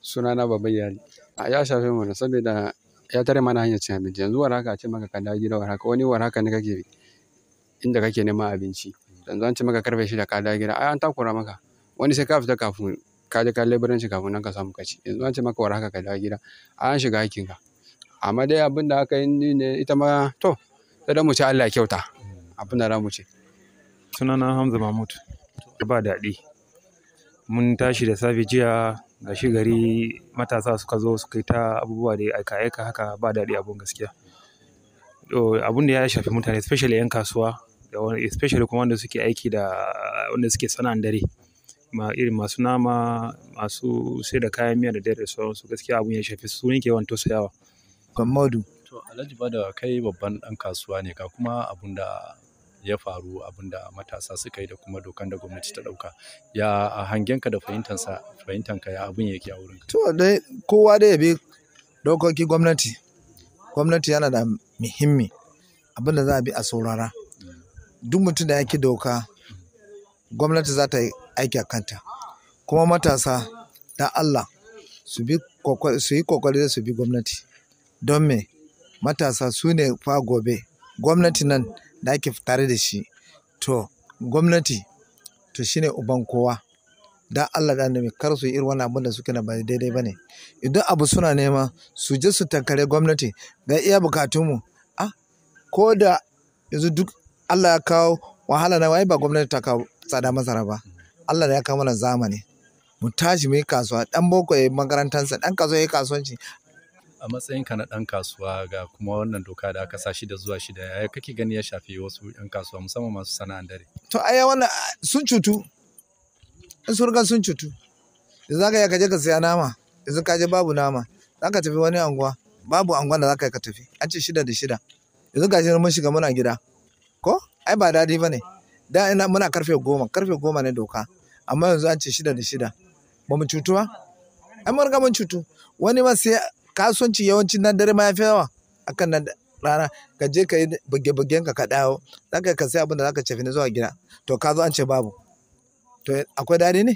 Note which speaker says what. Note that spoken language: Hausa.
Speaker 1: sunana babban yari ya shafe mana saboda ya tare mana hanyar cin abinci yanzu wani haka ce maka ka dawo gida wani haka wani war haka ne kake inda kake neman abinci yanzu an ce maka karfe shida ka dawo gida ai an takura maka wani sai ka fita kafin ka je ka leburanci kafin nan ka samu kaci yanzu an ce maka wani haka ka dawo gida ai an shiga hakkin ka amma dai abin da aka yi
Speaker 2: ne ita ma to sai da mu ce Allah ya kyauta abin da za mu ce sunana Hamza Mahmud ba daɗi mun tashi da safe jiya gashi gari matasa suka zo suka yi ta abubuwa da aka aika haka ba daɗi abun gaskiya. Abun da ya shafi mutane especially 'yan kasuwa da especially kuma wanda suke aiki da wanda suke sana'an dare. Irin masu nama, masu da kayan miya da dare da sauransu gaskiya abun ya shafi su. Su wanto yawan tausayawa. Muhammadu.
Speaker 3: To Alhaji Badawa kai babban ɗan kasuwa ne ka kuma abun da ya faru abinda matasa suka yi da kuma dokan da gwamnati ta dauka ya a hangenka da fahimtansa fahimtanka ya abin yake a wurin
Speaker 4: to dai kowa dai ya bi dokoki gwamnati gwamnati yana da muhimmi abinda za a bi a saurara duk mutum da yake doka gwamnati za ta yi aiki a kanta kuma matasa da Allah su yi kokari su bi gwamnati don me matasa su ne fa gobe gwamnati nan da ake tare da shi to gwamnati to shine uban kowa da Allah da annabi kar su yi irin wannan abin da suke na ba daidai bane idan abu suna nema su je su tankare gwamnati ga iya bukatunmu a ko da yanzu duk Allah ya kawo wahala na wai ba gwamnati ta kawo tsada masara ba Allah da ya kawo mana zamani mu tashi mu yi kasuwa dan boko ya yi makarantarsa dan kasuwa ya yi kasuwanci
Speaker 3: a matsayinka na ɗan kasuwa ga kuma wannan doka da aka sa shida zuwa shida yaya kake gani ya shafi wasu ɗan kasuwa musamman masu sana'an dare
Speaker 4: to ai wannan sun cutu in sun riga sun cutu yanzu za ka kaje ka siya nama yanzu ka je babu nama za ka tafi wani anguwa babu anguwa da za ka tafi an ce shida da shida yanzu gashi mun shiga muna gida ko ai ba daɗi ba ne da ina muna karfe goma karfe goma ne doka amma yanzu an ce shida da shida ba mu cutu ba ai mun riga mun cutu wani ma sai kasuwanci yawanci nan dare ma ya fi yawa akan nan rana ka je ka yi bugen ka ka dawo za ka sai abin da za ka cefi na zuwa gida to ka zo an ce babu to akwai daɗi ne